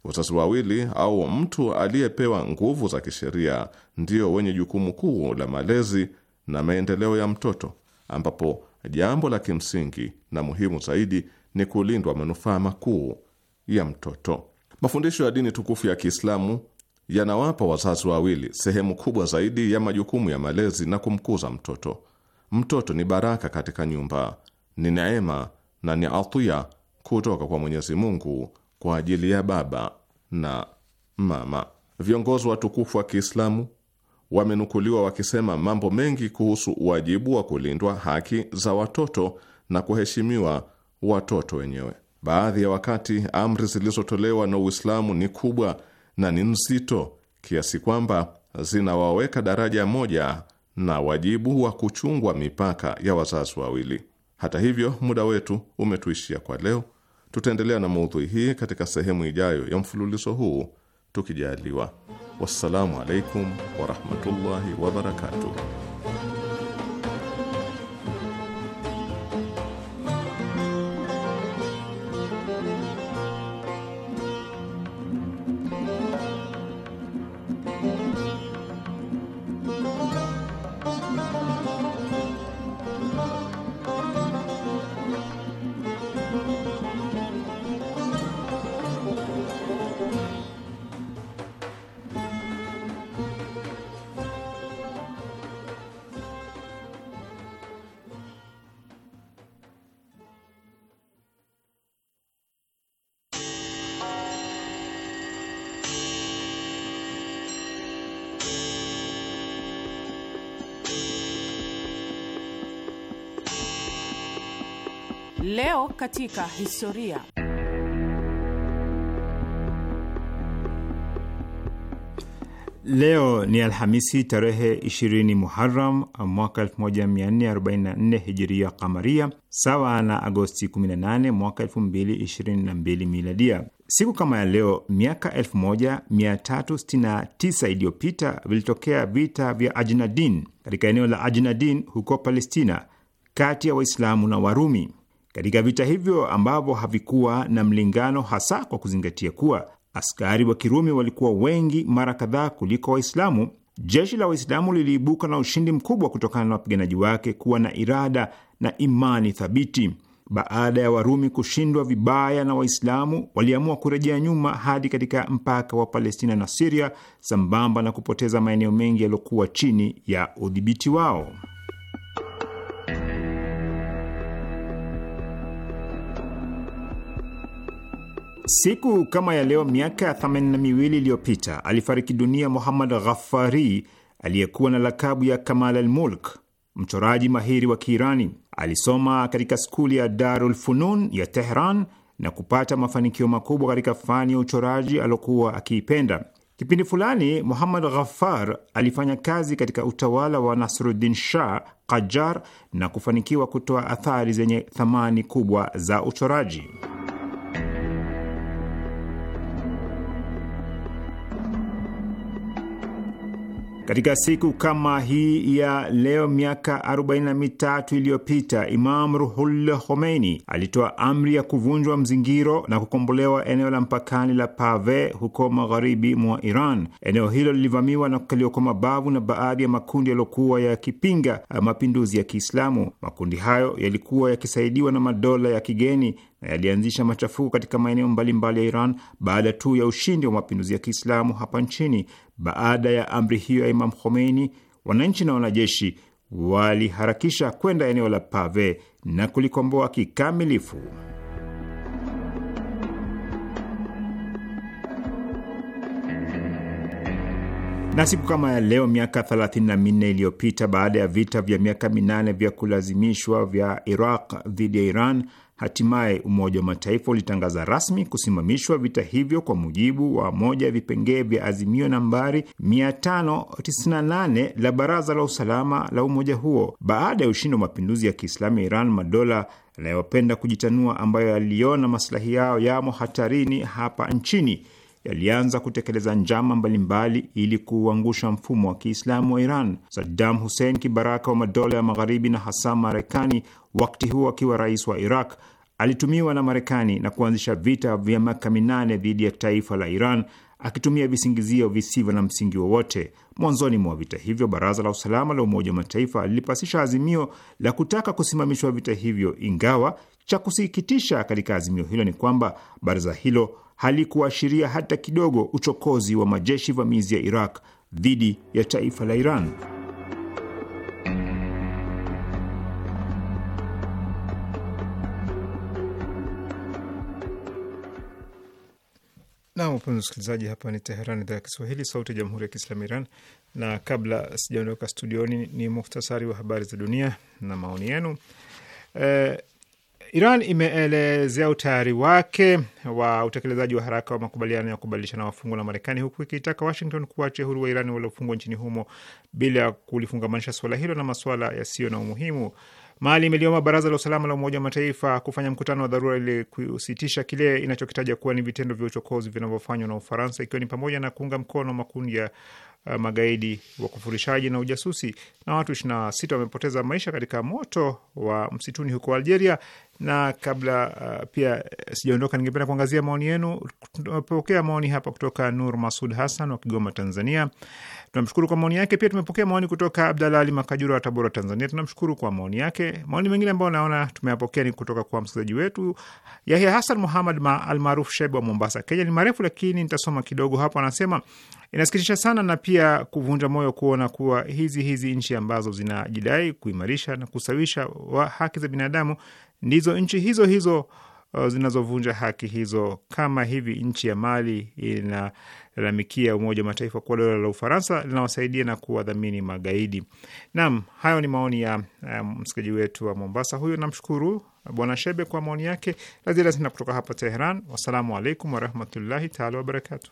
[SPEAKER 3] Wazazi wawili au mtu aliyepewa nguvu za kisheria ndio wenye jukumu kuu la malezi na maendeleo ya mtoto, ambapo jambo la kimsingi na muhimu zaidi ni kulindwa manufaa makuu ya mtoto. Mafundisho ya dini tukufu ya Kiislamu yanawapa wazazi wawili sehemu kubwa zaidi ya majukumu ya malezi na kumkuza mtoto. Mtoto ni baraka katika nyumba, ni neema na ni atiya kutoka kwa Mwenyezi Mungu kwa ajili ya baba na mama. Viongozi watukufu wa Kiislamu wamenukuliwa wakisema mambo mengi kuhusu wajibu wa kulindwa haki za watoto na kuheshimiwa watoto wenyewe. Baadhi ya wakati amri zilizotolewa na Uislamu ni kubwa na ni nzito kiasi kwamba zinawaweka daraja moja na wajibu wa kuchungwa mipaka ya wazazi wawili. Hata hivyo, muda wetu umetuishia kwa leo. Tutaendelea na maudhui hii katika sehemu ijayo ya mfululizo huu tukijaliwa. Wassalamu alaikum warahmatullahi wabarakatuh.
[SPEAKER 4] katika historia.
[SPEAKER 2] Leo ni Alhamisi tarehe 20 Muharam mwaka 1444 hijiria kamaria, sawa na Agosti 18 mwaka 2022 miladia. Siku kama ya leo miaka 1369 iliyopita vilitokea vita vya Ajnadin katika eneo la Ajnadin huko Palestina, kati ya Waislamu na Warumi. Katika vita hivyo ambavyo havikuwa na mlingano, hasa kwa kuzingatia kuwa askari wa Kirumi walikuwa wengi mara kadhaa kuliko Waislamu, jeshi la Waislamu liliibuka na ushindi mkubwa kutokana na wapiganaji wake kuwa na irada na imani thabiti. Baada ya Warumi kushindwa vibaya na Waislamu waliamua kurejea nyuma hadi katika mpaka wa Palestina na Siria, sambamba na kupoteza maeneo mengi yaliyokuwa chini ya udhibiti wao. Siku kama ya leo miaka ya miwili iliyopita alifariki dunia Muhammad Ghaffari aliyekuwa na lakabu ya Kamal al-Mulk, mchoraji mahiri wa Kiirani. Alisoma katika skuli ya Darul Funun ya Tehran na kupata mafanikio makubwa katika fani ya uchoraji aliokuwa akiipenda. Kipindi fulani Muhammad Ghaffar alifanya kazi katika utawala wa Nasruddin Shah Qajar na kufanikiwa kutoa athari zenye thamani kubwa za uchoraji. Katika siku kama hii ya leo miaka 43 iliyopita Imam Ruhullah Khomeini alitoa amri ya kuvunjwa mzingiro na kukombolewa eneo la mpakani la Pave huko magharibi mwa Iran. Eneo hilo lilivamiwa na kukaliwa kwa mabavu na baadhi ya makundi yaliyokuwa yakipinga mapinduzi ya Kiislamu. Makundi hayo yalikuwa yakisaidiwa na madola ya kigeni na yalianzisha machafuko katika maeneo mbalimbali ya Iran baada tu ya ushindi wa mapinduzi ya Kiislamu hapa nchini. Baada ya amri hiyo ya Imam Khomeini, wananchi na wanajeshi waliharakisha kwenda eneo la Pave na kulikomboa kikamilifu. na siku kama ya leo miaka 34 iliyopita, baada ya vita vya miaka minane vya kulazimishwa vya Iraq dhidi ya Iran, Hatimaye Umoja wa Mataifa ulitangaza rasmi kusimamishwa vita hivyo kwa mujibu wa moja ya vipengee vya azimio nambari 598 la Baraza la Usalama la umoja huo. Baada ya ushindi wa mapinduzi ya Kiislamu ya Iran, madola yanayopenda kujitanua ambayo yaliona maslahi yao yamo hatarini hapa nchini yalianza kutekeleza njama mbalimbali ili kuuangusha mfumo wa Kiislamu wa Iran. Saddam Hussein, kibaraka wa madola ya Magharibi na hasa Marekani, wakati huo akiwa rais wa Iraq, alitumiwa na Marekani na kuanzisha vita vya miaka minane dhidi ya taifa la Iran akitumia visingizio visivyo na msingi wowote. Mwanzoni mwa vita hivyo, baraza la usalama la Umoja wa Mataifa lilipasisha azimio la kutaka kusimamishwa vita hivyo, ingawa cha kusikitisha katika azimio hilo ni kwamba baraza hilo halikuashiria hata kidogo uchokozi wa majeshi vamizi ya Iraq dhidi ya taifa la Iran. Nam, wapenzi msikilizaji, hapa ni Teheran, idhaa ya Kiswahili, sauti ya jamhuri ya kiislamu Iran. Na kabla sijaondoka studioni, ni, ni muhtasari wa habari za dunia na maoni yenu. E, Iran imeelezea utayari wake wa utekelezaji wa haraka wa makubaliano ya kubadilishana wafungwa na Marekani, huku ikitaka Washington kuwachia huru wa Irani waliofungwa nchini humo bila ya kulifungamanisha suala hilo na masuala yasiyo na umuhimu. Mali imeliomba Baraza la Usalama la Umoja wa Mataifa kufanya mkutano wa dharura ili kusitisha kile inachokitaja kuwa ni vitendo vya uchokozi vinavyofanywa na Ufaransa, ikiwa ni pamoja na kuunga mkono makundi ya Uh, magaidi, wa kufurishaji na ujasusi, na watu 26 wamepoteza maisha katika moto wa msituni huko Algeria. Na kabla uh, pia eh, sijaondoka, ningependa kuangazia maoni yenu. Tumepokea maoni hapa kutoka Nur Masud Hassan wa Kigoma, Tanzania. Tunamshukuru kwa maoni yake. Pia tumepokea maoni kutoka Abdalla Ali Makajura wa Tabora, Tanzania. Tunamshukuru kwa maoni yake. Maoni mengine ambayo naona tumeyapokea ni kutoka kwa msikilizaji wetu Yahya Hassan Muhammad ma, almaruf Shebe wa Mombasa, Kenya. Ni marefu lakini nitasoma kidogo hapo. Anasema Inasikitisha sana na pia kuvunja moyo kuona kuwa hizi hizi nchi ambazo zinajidai kuimarisha na kusawisha wa haki za binadamu ndizo nchi hizo hizo uh, zinazovunja haki hizo, kama hivi nchi ya Mali inalalamikia Umoja wa Mataifa kuwa dola la Ufaransa linawasaidia na kuwadhamini magaidi. Naam, hayo ni maoni ya um, um, wetu wa Mombasa huyo. Namshukuru uh, Bwana Shebe kwa maoni yake. Lazima sina kutoka hapa Teheran. Wassalamu alaikum warahmatullahi taala wabarakatuh.